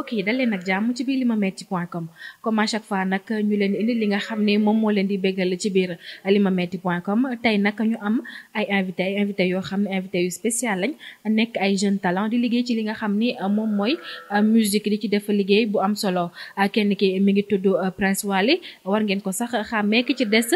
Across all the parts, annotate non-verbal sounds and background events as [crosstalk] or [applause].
mbokk yi dal leen ak jàmm ci biir limametti point com comme à chaque fois nag ñu leen indi li nga xam ne moom moo leen di béggal ci biir limametti point com tey nag ñu am ay invité invité yoo xam ne invité yu spécial lañ nekk ay jeune talent di liggéey ci li nga xam ni euh, moom mooy euh, musique di ci def liggéey bu am solo euh, kenn ki mi ngi tudd Prince war ngeen ko sax xàmmee ki ci des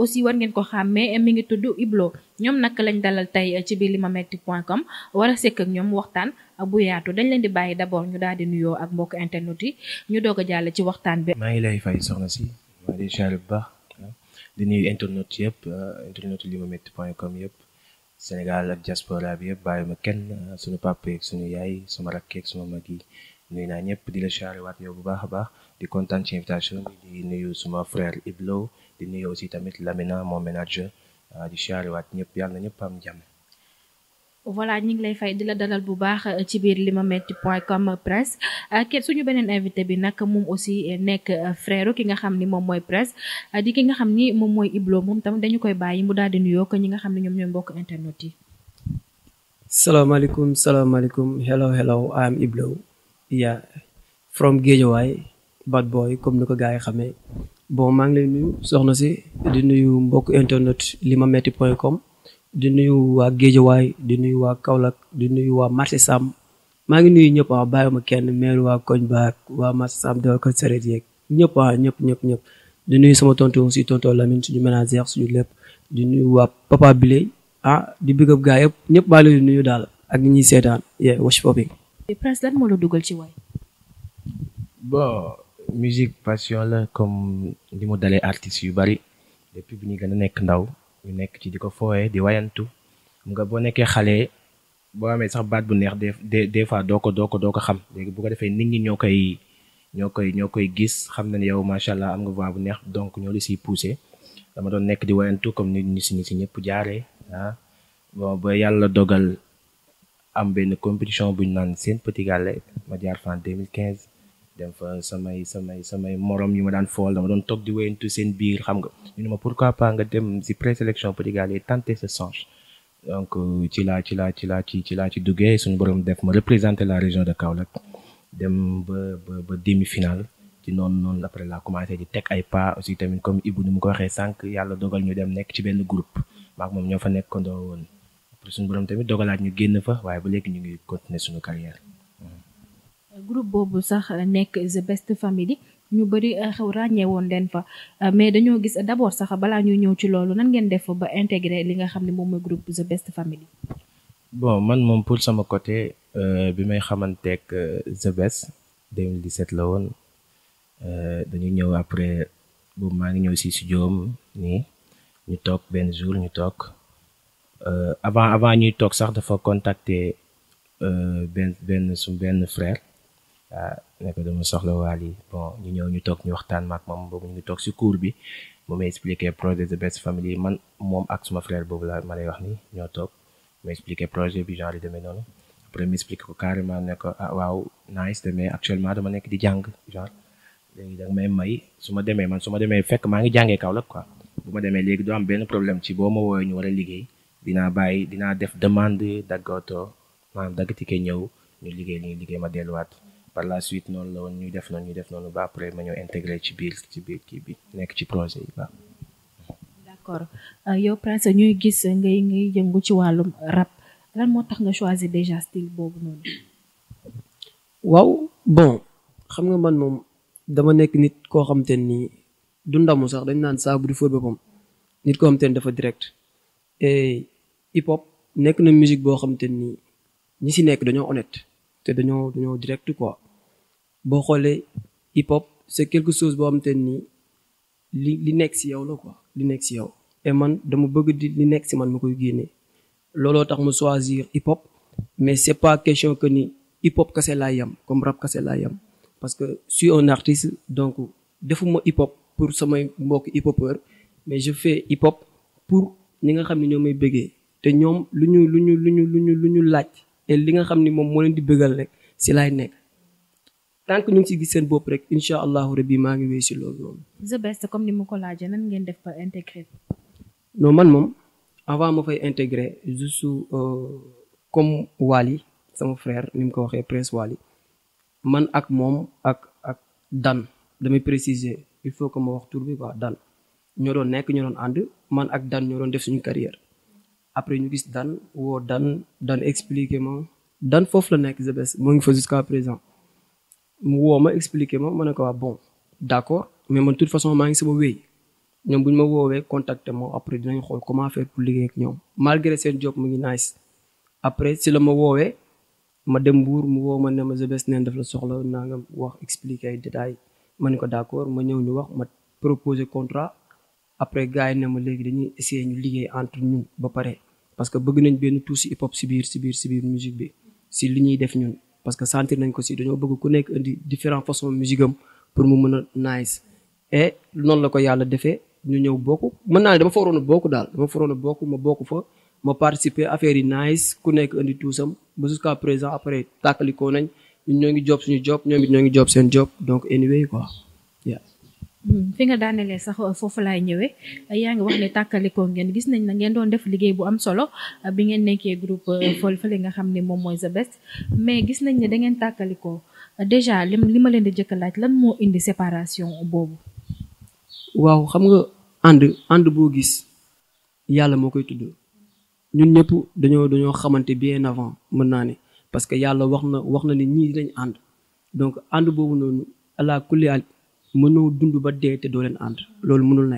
aussi war ngeen ko xàmmee mi ngi tudd Iblo ñoom nag lañ dalal tey eh, ci biir limametti point com war a sekk ak ñoom waxtaan eh, bu yaatu dañ leen di bàyyi d'abord ñu daal di nuyoo ak mbokk internet yi ñu doog a jàll ci waxtaan bi. maa ngi lay fay soxna si maa ngi lay bu baax ah. di nuyu internet yëpp ah, internet limametti point com yëpp Sénégal ak yëpp bàyyi ma kenn ah, suñu papa suñu yaay suma rakk yeeg suma mag yi nuyu naa ñëpp di la ziar waat yow bu baax a baax di kontaan ci invitation bi di suma frère Iblo di nuyu aussi tamit Lamina mon manager. Euh, di siyaariwaat ñëpp yàlla na ñëpp am jàmm. voilà ñu ngi lay fay di la dalal bu baax euh, ci biir metti limametti.com euh, presse kenn suñu beneen invité bi nag moom aussi nekk frère ki nga xam ni moom mooy presse di ki nga xam ni moom mooy Iblo moom tam dañu koy bàyyi mu daal di nuyoo ko ñi nga xam ne ñoom ñooy mbokk internet yi. salaamaaleykum salaamaaleykum hello hello I am Iblo yeah from Guédiawaye bad boy comme ni ko gars yi xamee maa ngi lay nuyu soxna si. di nuyu mbokk internet limametti point com di nuyu waa Géejawaay di nuyu waa Kaolack di nuyu waa marché Sam maa ngi nuyu ñëpp ah bàyyiwuma kenn meelu waa koñ baak waa marché Sam ko sareet yeeg ñëpp ah ñëpp ñëpp ñëpp di nuyu sama tonton aussi tonton Lamine suñu ménagère suñu lépp di nuyu waa Papa Bile ah di big up gaa yëpp ñëpp maa ngi nuyu daal ak ñi seetaan yeah watch popping. Prince lan moo la dugal ci waay. dalee artistes yu bari. depuis puis, ñu gën a nekk ndaw ñu nekk ci di ko di wayantu xam nga boo nekkee xale boo amee sax baat bu neex des des fois doo ko doo xam léegi bu ko defee nit ñi ñoo koy ñoo gis xam yow macha am nga voix bu neex donc ñoo li siy dama doon nekk di wayantu comme nit ñi si ñi si ñëpp jaaree ah bon ba yàlla dogal am benn compétition bu ñu naan seen petit gàlle ma jaar fan 2015 dem fa samay samay samay morom yu ma daan fool dama doon toog di wéyantu seen biir xam nga ñu ne ma pourquoi pas nga dem si présélection Petit Galle tenter ce chance donc euh, ci laa ci laa ci laa ci ci laa ci duggee suñu borom def ma représenter la région de Kaolack dem ba ba ba demi-finale ci noonu noonu après la commencé di teg ay pas aussi tamit comme Ibou ni mu ko waxee sànq yàlla dogal ñu dem nekk ci benn groupe maak moom ñoo fa nekkandoo woon après suñu borom tamit dogalaat ñu génn fa waaye ba léegi ñu ngi continuer suñu carrière groupe boobu sax nekk The Best Family ñu bëri eh, xew ràññee woon leen fa eh, mais dañoo gis d'abord sax balaa ñuy ñëw ci loolu nan ngeen def ba intégrer li nga xam ne moom ma groupe The Best Family. bon man moom pour sama côté euh, bi may xamanteeg euh, The Best 2017 la woon euh, dañu ñëw après boobu maa ngi ñëw si studio am nii ñu toog benn jour ñu toog avant avant ñuy toog sax dafa contacter benn benn su benn frère. ne do mo soxla wali bon ñu ñëw ñu tok ñu waxtaan mak mom boobu ñu ngi toog si cours bi mo may expliquer projet de Best Family man mom ak suma frère boobu la ma lay wax ni ñoo toog mu expliquer projet bi genre de demee noonu après mu expliquer ko carrément ne ah waaw nice demee actuellement dama nek di jang genre légui da may may suma ma man suma ma fekk ma ngi jangé kaw la quoi bu ma demee léegi doo am ben problème ci bo mo woy ñu wara liggéey dina bàyyi dina def demande daggatoo man dagg tike ñëw ñu liggéey li liggéey ma delluwaat par la suite noonu la woon ñuy def noonu ñuy def noonu ba après ma ñëw intégré ci biir ci biir kii bi nekk ci projet yi ba euh, yow Prince ñuy gis ngay ngay jëngu ci wàllum rap lan moo tax nga choisir déjà boobu noonu waaw bon xam nga man moom dama nekk nit koo xam te nii du ndamu sax dañ naan saabu du fóot boppam nit koo xam te dafa direct et hip hop nekk na musique boo xam te nii ñi si nekk dañoo honnête te dañoo dañoo direct quoi boo hip hop c'est quelque chose bo xamante li li nekk yow la quoi li nekk yow et man dama bëgg di li nekk si man ma koy lolo tax mu choisir hip hop mais c'est pas question que ni hip hop kasse la yam comme rap kasse la yam parce que suis un artiste donc defuma hip hop pour samay mbok hip hopper mais je fais hip hop pour ni nga xamni ñomay ñoo té ñom luñu luñu luñu luñu lu ñu laaj et li nga xamni mom mo moo leen di bëggal rek si lay nekk tant que ñu ngi ci gis seen bopp rek incha allahu rabbi maa ngi wéy si loolu noonu. The Best comme ni mu ko laajee nan ngeen def ba intégré. non man moom avant ma fay intégré euh, comme Wali sama frère ni mu ko waxee Prince Wally man ak moom ak ak Dan damay préciser il faut que ma wax tur bi quoi Dan ñoo doon nekk ñoo doon ànd man ak Dan ñoo doon def suñu carrière après ñu gis Dan woo Dan Dan expliquer ma Dan foofu la nekk The Best moo ngi fa jusqu'à présent. mu woo ma expliquer ma ma ne ko waa ah, bon d' accord mais man de façon maa ngi sama wéy ñoom bu ma woowee contacter ma après dinañ xool comment faire pour liggéey ak ñoom malgré seen job mu ngi nice après si la ma woowee ma dem Mbour mu woo ma ne ma Zbest neen daf la soxla naa nga wax expliquer ay détails ma ne ko d' accord ma ñëw ñu wax ma proposer contrat après gars yi ne ma léegi dañuy essayer ñu liggéey entre ñun ba pare parce que bëgg nañ benn tout hip hop si biir si biir si biir musique bi si li ñuy def ñun. parce que sentir nañ ko si dañoo bëgg ku nekk indi différent façon musique pour mu mën a nice et noonu la ko yàlla defee ñu ñëw bokk mën naa ne dama fa waroon bokk daal dama fa a bokk ma bokk fa ma participer affaire yi nice ku nekk indi tuusam ba jusqu'à présent après tàkkalikoo nañ ñun ñoo ngi job suñu job ñoo it ñoo ngi job seen job donc anyway quoi yeah Hmm, fi nga daanelee sax euh, foofu laay ñëwee yaa ngi wax ne tàkkalikoo ngeen gis nañ na ngeen doon def liggéey bu am solo euh, bi ngeen nekkee groupe euh, fol fële nga xam ne moom mooy The Best mais gis nañ ne da ngeen tàkkalikoo déjà lim li ma leen di jëkk laaj lan moo indi séparation boobu. waaw xam nga ànd ànd boo gis yàlla moo koy tudd ñun ñëpp dañoo dañoo xamante bien avant mën naa ne parce que yàlla wax na wax na ne ñii dinañ ànd donc ànd boobu noonu allah kulli mënoo dund ba dee te doo mënul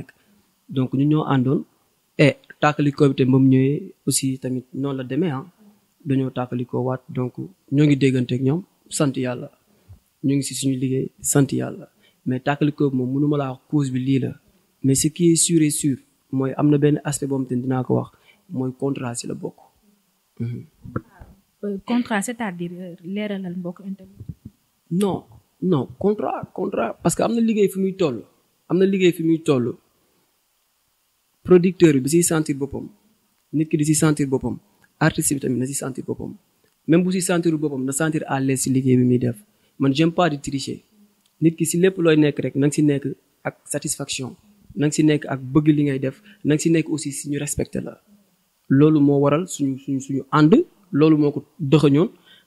donc ñu ñoo àndoon et tàkkalikoo bi aussi tamit la demee ah dañoo tàkkalikoo waat donc ñoo ngi dégganteeg ñoom sant yàlla ñu ngi si suñu liggéey sant mais tàkkalikoo bi moom mënuma laa cause bi lii mais ce qui est sûr et sûr mooy am na benn aspect boo xam te dinaa wax contrat la bokk. Euh, contrat c'est-à-dire euh, non non contrat contrat parce que am na liggéey fi muy toll am na liggéey fi muy toll producteur bi siy sentir boppam nit ki di si sentir boppam artiste bi tamit na si sentir boppam même bu si sentir boppam na sentir à l'aise si liggéey bi muy def man j'aime pas di tricher nit ki si lépp looy nekk rek na nga si nekk ak satisfaction na nga si nekk ak bëgg li ngay def na nga si nekk aussi si ñu respecté la loolu moo waral suñu suñu suñu ànd loolu moo ko dëxañoon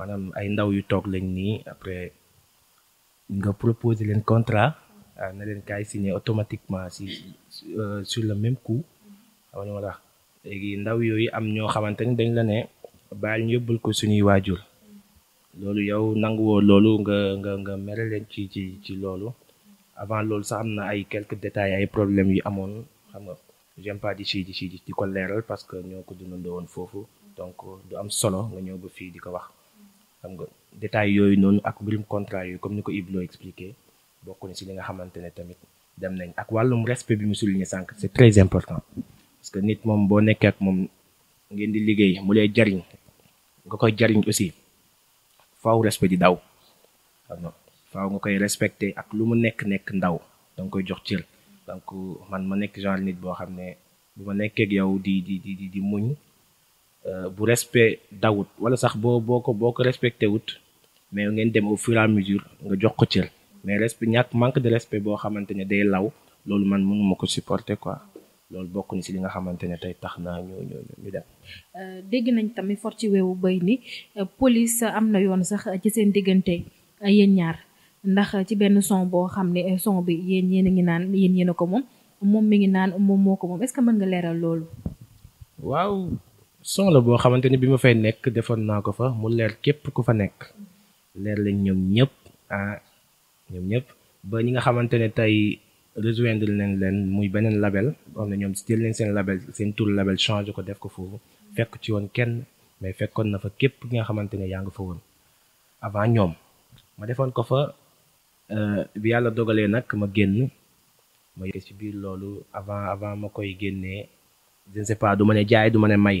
maanaam ay ndaw yu toog lañ nii après nga proposer leen contrat ah, na leen kay signer automatiquement si euh, sur le même coup xam nga ndaw yooyu am ñoo xamante ni dañ la ne baal yóbbul ko suñuy waajur loolu yow nanguwoo loolu nga nga nga mere leen ci ci ci loolu avant loolu sax am na ay quelques détails ay problèmes yi amoon xam nga j'aime pas di ci di di ko leeral parce que ñoo ko dundandoo woon foofu donc du am solo nga ñëw ba fii di ko wax. xam nga détails yooyu noonu ak mbirum contrat yooyu comme ni ko Iblo expliqué bokk na si li nga xamante ne tamit dem nañ ak wàllum respect bi mu souligné sànq c'est très important parce que nit moom boo nekkee ak moom ngeen di liggéey mu lay jariñ nga koy jariñ aussi faaw respect di daw non faaw nga koy respecté ak lu mu nekk nekk ndaw da nga koy jox cër donc man ma nekk genre nit boo xam ne bu ma nekkee ak yow di di di di muñ Euh, bu respect dawut wala sax boo boo ko boo ko respecté wut mais ngeen dem au fur et jox ko cër mais respect ñàkk manque de respect boo xamante ne day law loolu man mënu ma ko supporter quoi loolu bokk na li nga xamante ne tey tax naa ñu ñu ñu dem. Euh, dégg nañ tamit for ci weewu béy ni euh, police am na yoon sax ci seen diggante yéen ñaar ndax ci benn son boo xam ne son bi yéen yéen a ngi naan yéen yéen a ko moom moom mi ngi naan moom moo ko moom est-ce que mën nga leeral loolu. waaw son la boo xamante ni bi ma fay nekk defoon naa ko fa mu leer képp ku fa nekk leer leen ñoom ñëpp ah ñoom ñëpp ba ñi nga xamante ne tey rejoindre nañ leen muy beneen label boo na ne ñoom jël nañ seen label seen tur label changé ko def ko foofu fekk ci woon kenn mais fekkoon na fa képp ki nga xamante ne yaa nga fa woon avant ñoom ma defoon ko fa euh, bi yàlla dogalee nag ma génn ma ci biir loolu avant avant ma koy génnee je ne pas du ma ne jaay du ma ne may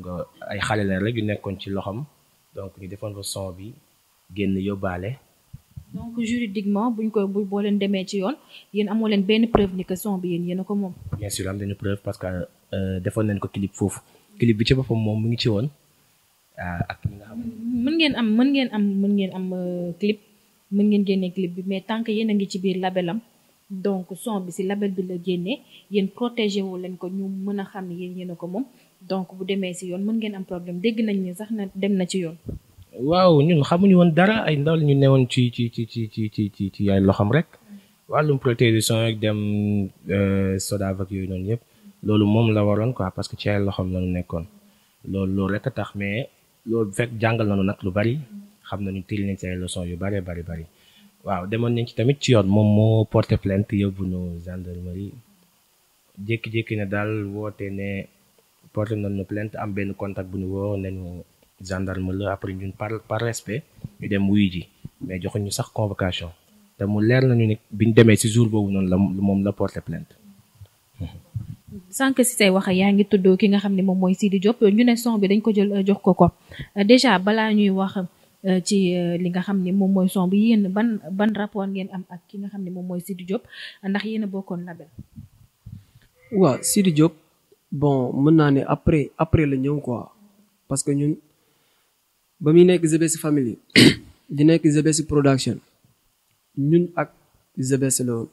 nga ay xale la rek yu nekkoon ci loxam donc ñu defoon fa son bi génn yóbbaale. donc juridiquement buñ ko bu boo leen demee ci yoon yéen amoo leen benn preuve ni que son bi yéen yéen a ko moom. bien sûr am nañu preuve parce que euh, defoon nañ ko clip foofu. clip bi ci boppam moom mu ngi ci woon ah, ak ñi nga xam mën ngeen am mën ngeen am mën ngeen am euh, clip mën ngeen génnee clip bi mais tant que yéen a ngi ci biir labelam donc son bi si label bi la génnee yéen protégé wu leen ko ñu mën a xam ne yéen yéen a ko moom. donc bu demee si yoon mën ngeen am problème dégg nañ ni sax na dem na ci yoon. waaw ñun xamuñu woon dara ay ndaw la ñu newoon ci ci ci ci ci ci ci ay loxam rek wàllum protection rek dem euh, Sodav ak yooyu noonu yëpp loolu moom la waroon quoi parce que ci ay loxam la nekkoon loolu loolu rek a tax mais loolu fekk jàngal nañu nag lu bari xam nañu tëri nañ ci ay yu bari bari bari waaw demoon nañ ci tamit ci yoon moom moo porté plainte yóbbu nu gendarmerie jékki-jékki daal woote ne. porté nañ ñu plainte am benn contact bu ñu woo nañu gendarme la après ñun par par respect ñu dem wuyu ji mais joxuñu sax convocation te mu leer nañu ne bi ñu demee si jour boobu noonu la moom la porté plainte. sànq si say wax yaa ngi tuddoo ki nga xam ne moom mooy Sidi Diop ñu ne son bi dañ ko jël euh, jox ko ko déjà balaa ñuy wax euh, ci euh, li nga xam ne moom mooy son bi yéen ban ban rapport ngeen am ak ki nga xam ne moom mooy Sidi Diop ndax yéen a bokkoon label. waaw Sidi Diop bon mën naa ne après après la ñëw quoi parce que ñun ba muy nekk GBC family [coughs] di nekk GBC production ñun ak GBC la woon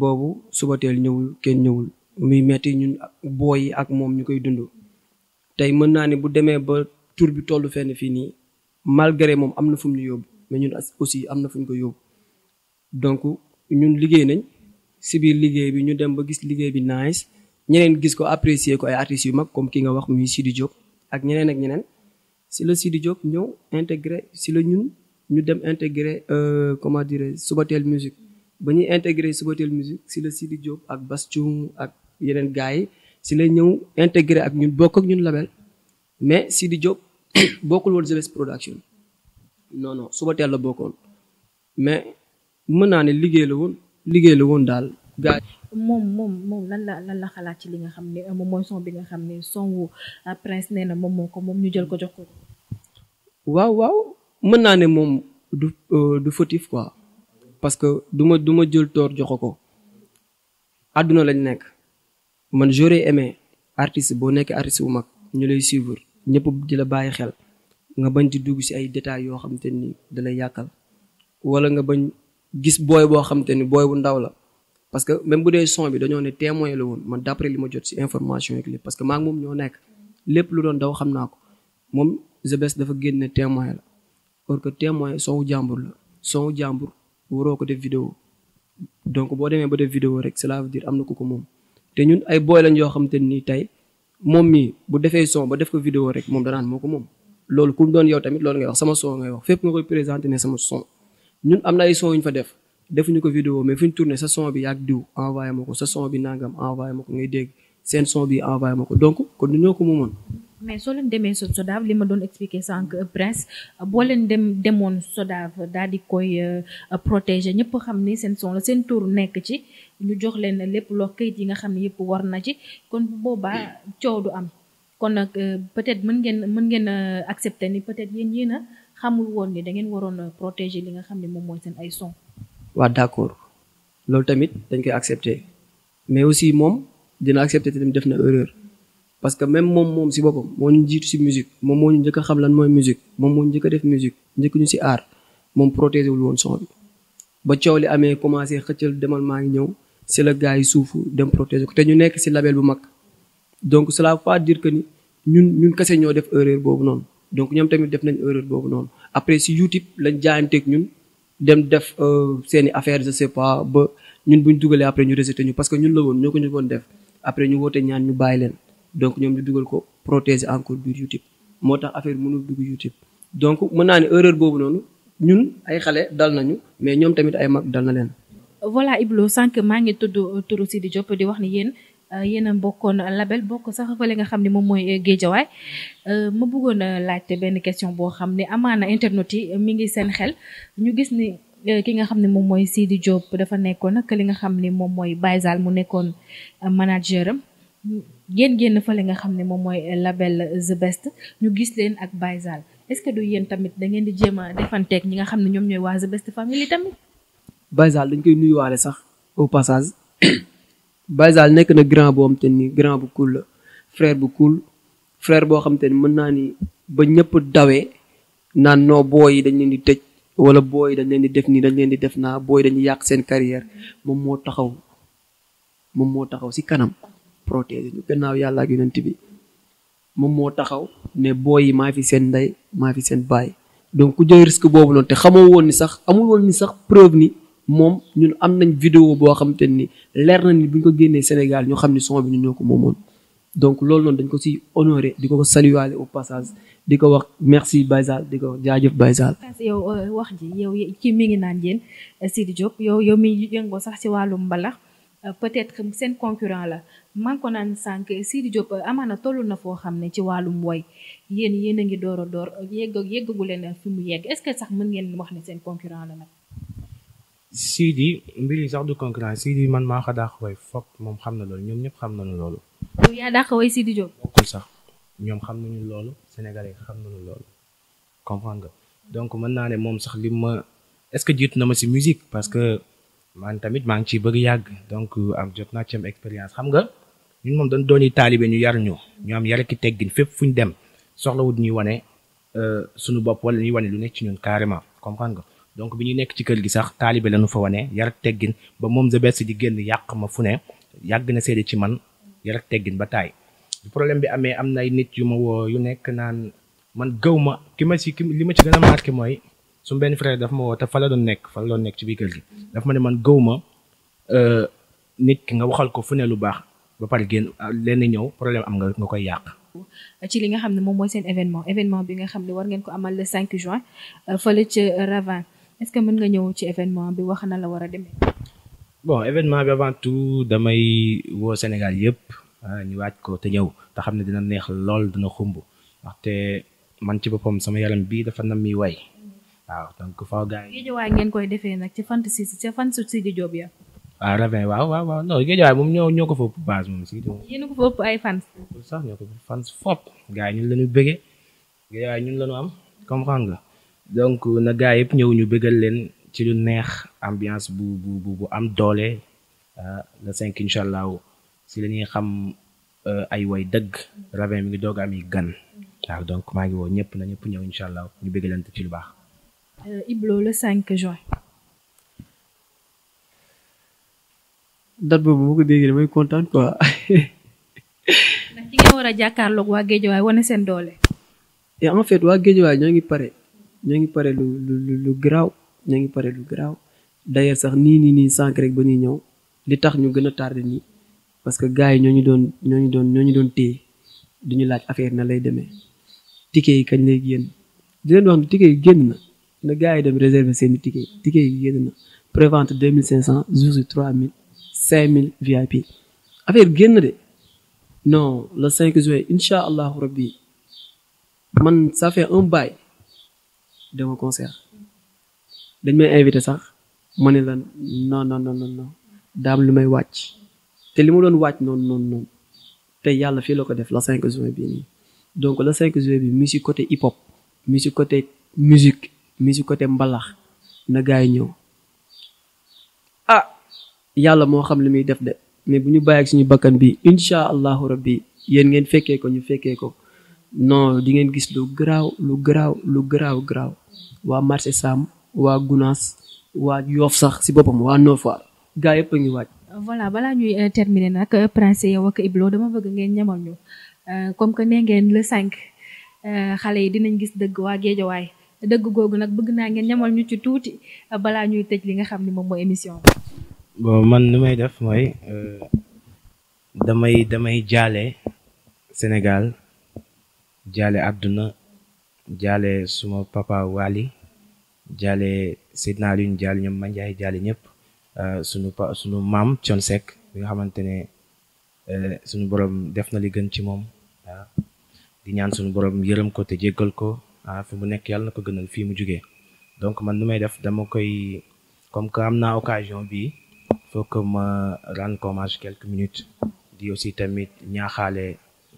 boobu subateel ñëwul kenn ñëwul muy metti ñun booy yi ak moom ñu koy dund tey mën naa ne bu demee ba tur bi toll fenn fii nii malgré moom am na fu mu ñu yóbbu mais ñun aussi am na fu ko yóbbu donc ñun liggéey nañ si biir liggéey bi ñu dem ba gis liggéey bi nice ñeneen gis ko apprécier ko ay artistes yu mag comme ki nga wax muy Sidi Diop ak ñeneen ak ñeneen si la Sidi Diop ñëw intégré si la ñun ñu dem intégré euh, comment dire? Subatel musique ba ñuy intégré Subatel musique si la Sidi Diop ak Bass ak yeneen gars yi si la ñëw intégré ak ñun bokk ak ñun label mais Sidi Diop [coughs] bokkul woon Zbest production non non Subatel la bokkoon mais mën naa ne liggéey la woon liggéey la woon daal. gars moom moom moom lan la lan la xalaat ci li nga xam ne euh, moom mooy son bi nga xam ne son wu euh, prince nee na moom moo ko moom ñu jël ko jox ko waaw waaw mën naa ne moom du euh, du fautif quoi parce que du ma du ma jël toor joxo ko àdduna lañ nekk man j'aurais aimé artiste boo nekk artiste bu mag ñu lay suivre ñëpp di la bàyyi xel nga bañ di dugg si ay détails yoo xam ni da lay yàkkal wala nga bañ gis booy boo xam te ni booy bu ndaw la parce que même bu son bi dañoo ne témoin la woon man d'après après li ma jot ci information yeeg lépp parce que maa mom moom ñoo nekk lépp lu doon daw xam naa ko moom Zbest dafa génne témoin la or que témoin sonu jambour la sonu jàmbur waroo ko def vidéo donc bo demee ba def vidéo rek cela veut dire amna ko ko mom té ñun ay boy lañ yo xam te nii tey moom bu défé son ba def ko vidéo rek mom danaan moo ko moom loolu ku doon yow tamit loolu ngay wax sama son ngay wax fep nga koy présenter né sama son ñun amna ay son yu ñu fa def defuñu ko vidéo mais fu ñu tourné sa son bi yaag diw envoyé ma ko sa son bi nangam envoyé ma ko ngay dégg seen son bi envoyé ma ko donc kon du ñoo ko moomoon mais soo leen demee SODAV li ma doon expliqué sànq prince boo leen dem demoon SODAV daal di koy euh, protéger ñëpp xam ni seen son la seen tur nekk ci ñu jox leen lépp loo kayit yi nga xam ne yëpp war na ci kon booba boobaa coow du am kon nag euh, peut-être mën ngeen mën ngeen euh, accepter ni peut-être yéen yéen a xamul woon ni da ngeen waroon protégé li nga xam ne moom mooy seen ay son. waa d'accord loolu tamit dañ koy accepter mais aussi moom dina accepter tamit def na erreur parce que même moom moom si boppam moo ñu jiitu si musique moom moo ñu njëkk a xam lan mooy musique moom moo ñu njëkk a def musique njëkk ñu si art moom protégé wul woon son bi ba coow li amee commencé xëccal demal maa ngi ñëw si la gars yi suufu dem protéger ko te ñu nekk si label bu mag donc cela pas dire que ni ñun ñun kese ñoo def erreur boobu noonu donc ñoom tamit def nañ erreur boobu noonu après si YouTube lañ jaayanteeg ñun dem def euh, seen i affaire je sais pas ba ñun buñ ñu dugalee après ñu rejeté ñu parce que ñun la woon ñoo ko ñu woon def après ñu woote ñaan ñu bàyyi leen donc ñoom ñu dugal ko protéger encore biir YouTube moo tax affaire mënul dugg YouTube donc mën naa ne erreur boobu noonu ñun ay xale dal nañu mais ñoom tamit ay mag dal na leen. voilà iblo sànq maa ngi tudd euh, turu Sidi Diop di wax ni yéen. Euh, yéen a bokkoon label bokk sax fële nga xam ne moom mooy euh, géejawaay euh, ma bëggoon a laajte benn question boo xam ne amaana internet yi mi ngi seen xel ñu gis ni ki nga xam ne moom mooy Sidi Diop dafa nekkoon ak li nga xam ne moom mooy Baye mu nekkoon manager am génn fa fële nga xam ne moom mooy label The Best ñu gis leen ak Baye est-ce que du yéen tamit da ngeen di jéem a defanteeg ñi nga xam ne ñoom ñooy waa The Best Family tamit. Baye Zal dañ koy nuyuwaale sax au passage. Baye Zal nekk na grand boo xam te ni grand bu cool la frère bu cool frère boo xam te ni mën naa ni ba ñëpp dawee naan noo boo yi dañ leen di tëj wala booy yi dañ leen di def nii dañ leen di def naa booy dañuy yàq seen carrière moom moo taxaw moom moo taxaw si kanam protéger ñu gannaaw yàlla ak yonent bi moom moo taxaw ne booy yi maa fi seen ndey maa fi seen baay donc ku jël risque boobu noonu te xamoo woon ni sax amul woon ni sax preuve ni moom ñun am nañ vidéo boo xam te ni leer na ni bu ñu ko génnee Sénégal ñu xam ni son bi ñu ñoo ko moomoon donc loolu noonu dañ ko si honoré di ko ko saluwaale au passage di ko wax merci Baysal di ko wax jaajëf Baysal. yow euh, wax ji yow ki mi ngi naan yéen euh, Sidy Diop yow yow mi yëngoo sax si wàllum mbalax euh, peut-être seen concurrent la man ko naan sànq Sidy Diop amaana tollu na foo xam ne ci wàllum woy yéen yéen a ngi door a door yegg yeggagu leen fi mu yegg est-ce que sax mën ngeen wax ne seen concurrent la nag. Sidi mbiri sax du concurrence Sidi man maa ko dàq way foog moom xam na loolu ñoom ñëpp xam na nañu loolu. yow yaa dàq way Sidi Diop. bokkul sax ñoom xam nañu loolu sénégalais xam nañu loolu comprendre nga donc mën naa ne moom sax li ma est-ce que jiitu na ma si musique parce que man tamit maa ngi ciy bëgg yàgg donc am jot naa ci am expérience xam nga ñun moom dañ dooni taalibe ñu yar ñu ñu am yar ki teggin fépp fu ñu dem soxlawut ñuy wane euh, suñu bopp wala ñuy wane lu nekk ci ñun carrément comprendre nga. donc bi ñu nekk ci kër gi sax taalibe la nu fa wane yar ak teggin ba moom The Best di génn yàq ma fu ne yàgg na seede ci man yar ak teggin ba taay problème bi amee am na ay nit yu ma woo yu nekk naan man gaw ma ki ma ci li ma ci gën a mooy su benn frère daf ma woo te fa la doon nekk fa la nekk ci biir kër gi daf ma ne man gaw ma euh, nit ki nga waxal ko fu ne lu baax ba pare génn ah, lenn ñëw problème am nga nga koy yàq. li nga xam ne moom mooy seen événement événement bi nga xam ne war ngeen ko amal le 5 juin euh, fële ca Ravin. est-ce que mën nga ñëw ci événement bi wax na la war a bon événement bi avant tout damay woo Sénégal yëpp ah, ñu waaj te ñëw te xam ne dina neex lool dina xumb waxte man ci boppam sama yaram bii dafa nam mi way donc faaw gars yi. géejewaay ngeen koy defee nag ci fan si ci fan su Sidi Diop ya. Ah, waaw Ravin moom ñoo ko foofu base moom si. yéen ay fans. sax ñoo ko foofu fans fop ñun la ñu bëggee géejewaay ñun la ñu am comprendre nga. donc euh, na gaa yëpp ñëw ñu bëggal leen ci lu neex ambiance bu bu bu am doole ah, le cinq incha allah si lañuy xam euh, ay woy dëgg Ravin mi ngi doog am yi gan waaw donc maa ngi woo ñëpp na ñëpp ñëw incha allah ñu bëggalante ci lu baax. Euh, Iblo le 5 boobu bu ko déggee damay kontaan quoi. ndax ki nga war a jàkkaarloog waa Géejawaay wane seen doole. et en fait waa Géejawaay ñoo ngi pare. ñoo ngi pare lu lu lu graw ñoo ngi pare lu graw d'ailleurs sax nii nii nii sànq rek ba ñuy ñëw li tax ñu gën a tardé nii parce que gars yi ñoo ñu doon ñoo ñu doon ñoo ñu doon téye du ñu laaj affaire na lay demee ticket yi kañ lay génn di leen wax ne ticket yi génn na na gars yi dem réserver seen i ticket ticket yi génn na prévente 2500 jours yi 3000 5000 VIP affaire génn de non le 5 juin incha allahu rabbi man ça fait un bail. dema concert dañ may invité sax ma ne la non non non non daam lu may wàcc te li ma doon wàcc noonu noonu noonu te yàlla fii la ko def la cinq juin bii nii donc la 5 juin bi musique côté hip hop musique côté musique musique côté mbalax na gaay ñëw ah yàlla moo xam li muy def de mais bu ñu bàyyi ak suñu bakkan bi incha allahu rabbi yéen ngeen fekkee ko ñu fekkee ko non di ngeen gis lu garaaw lu garaaw lu garaaw garaaw waa marché Sam waa Gounass waa Yoff sax si boppam waa Nord Foire gaa yëpp a ngi waaj. voilà balaa ñuy euh, terminer nag euh, Prince yow ak Iblo dama bëgg ngeen ñamal ñu euh, comme que nee ngeen le 5 xale yi dinañ gis dëgg waa Géejawaay dëgg googu nag bëgg naa ngeen ñamal ñu ci tuuti balaa ñuy tëj li nga xam ne moom mooy émission bi. man li may def mooy damay damay jaale Sénégal jaale àdduna. jaale suma papa Wali jaale Seydina Alioune jaale ñoom Mandiaye jaale ñëpp euh, sunu pa sunu maam Thione Seck bi nga xamante ne euh, sunu borom def na li gën ci moom di ñaan sunu borom yërëm ko te jéggal ko fi mu nekk yàlla na ko gënal fii mu jógee donc man nu may def dama koy comme que am naa occasion bi faut ko ma rendre hommage quelques minutes di aussi tamit ñaaxaale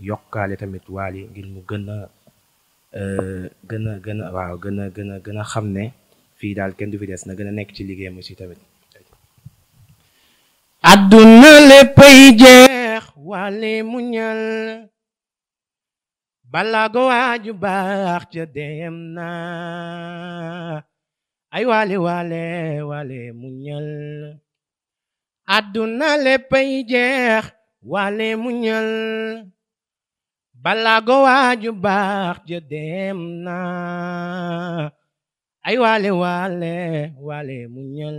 yokkaale tamit Wali ngir mu gën a Euh, gën a gën a waaw gën a gën xam ne fii daal kenn du fi des na gën a nekk ci liggéeyam aussi tamit àdduna léppay jeex wàlle muñal balaa go waaju baax ca dem na ay waale waale waale muñal àdduna léppay jeex wàlle muñal balaa go waaju baax ja dem na ay waale waale waale mu ñal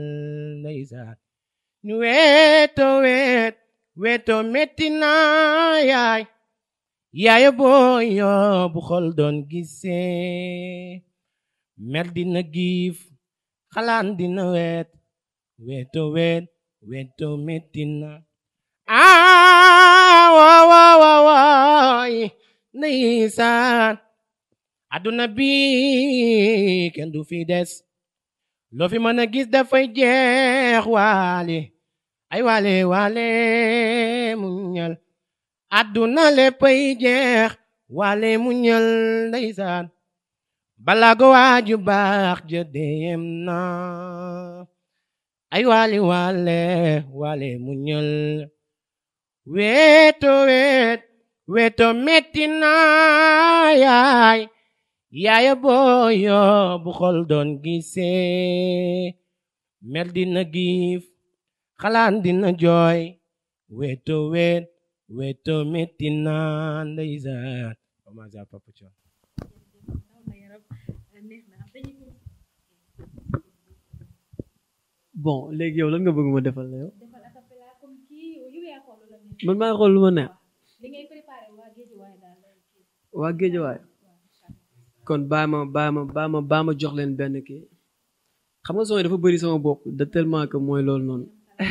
ndeysaan ñu weeto weet weeto metti na yaay yaayo booyo bu xol doon gisee mer dina giif xalaan dina weet weeto weet weeto metti na aa waaw waaw waaw mooy ndeysaan adduna bi kenn du fi des loo fi mën a gis dafay jeex waale ay waale waale muñal adduna léppay jeex waale muñal ndeysaan balaa go waaju baax ja deyem na ay waale waale waale muñal weeto weet weto metti naa yaay yaaya booyo bu xol doon gisee mer dina giif xalaan dina jooy weto wet weto metti naa bon léegi yow lan nga bëgg defal la yow man maa xool lu waa géejawaay kon bàyyi ma bàyyi ma bàyyi ma bàyyi jox leen benn kii xam nga son dafa bëri sama bopp de tellement que mooy loolu noonu [laughs]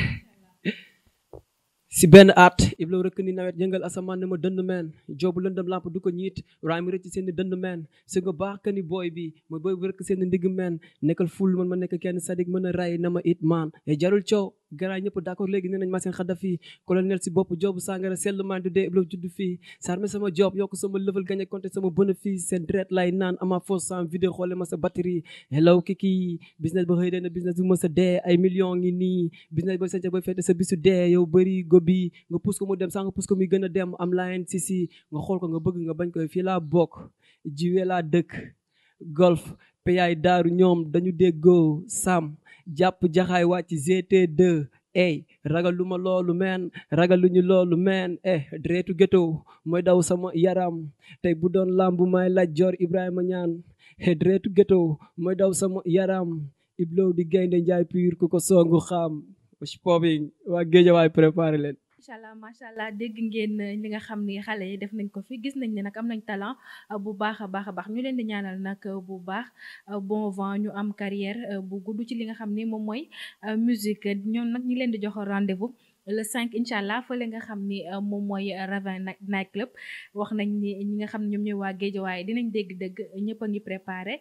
si benn aat iblo rëkk ni nawet yëngal asamaan ne ma dënd meen joobu lëndëm làmp du ko ñiit raay mi rëcc seen dënd meen su nga baax ka ni booy bi ma booy bu rëkk seen ndigg meen nekkal ful man ma nekk kenn sadik mën a ray na ma it maan eh, jarul coow garay ñëpp d'accord léegi nee nañ Massine Khadafi colonel si bopp jobu sangara sellement du dee blob judd fii sarme sama job yok sama level gagné compté sama bénéfice seen dret lay nan ama fo sam vidéo xolé ma sa batterie hello kiki business ba xëy dee na business bu ma sa dé ay million ngi ni business ba sànca ba fête sa bisu dé yow bari gobi nga pousse ko mu dem sang pousse ko mi gëna dem am line CC si nga xol ko nga bëgg nga bañ ko fi la bok jiwee laa deuk golf payay daru ñom dañu déggo sam jàpp jaxaay wàcc gt2 ey ragal ma loolu meen ragal loolu meen eh dreetu ghetto mooy daw sama yaram tey bu doon làmb may laaj joor Ibrahima ñaan eh dreetu ghetto mooy daw sama yaram iblow di gaynde njaay piir ku ko songu xam spobing waa géejawaay préparé leen incha allah macha allah dégg ngeen li nga xam ni xale yi def nañ ko fi gis nañ ne nag am nañ talent bu baax a baax a baax ñu leen di ñaanal nag bu baax bon vent ñu am carrière bu gudd ci li nga xam ni moom mooy euh, musique ñoom nag ñu leen di jox rendez-vous le cinq incha allah fële nga xam ni euh, moom mooy Ravin night club wax nañ ni ñi nga xam ne ñoom ñooy waa géej Géejawaay dinañ dégg-dégg ñëpp a ngi préparé.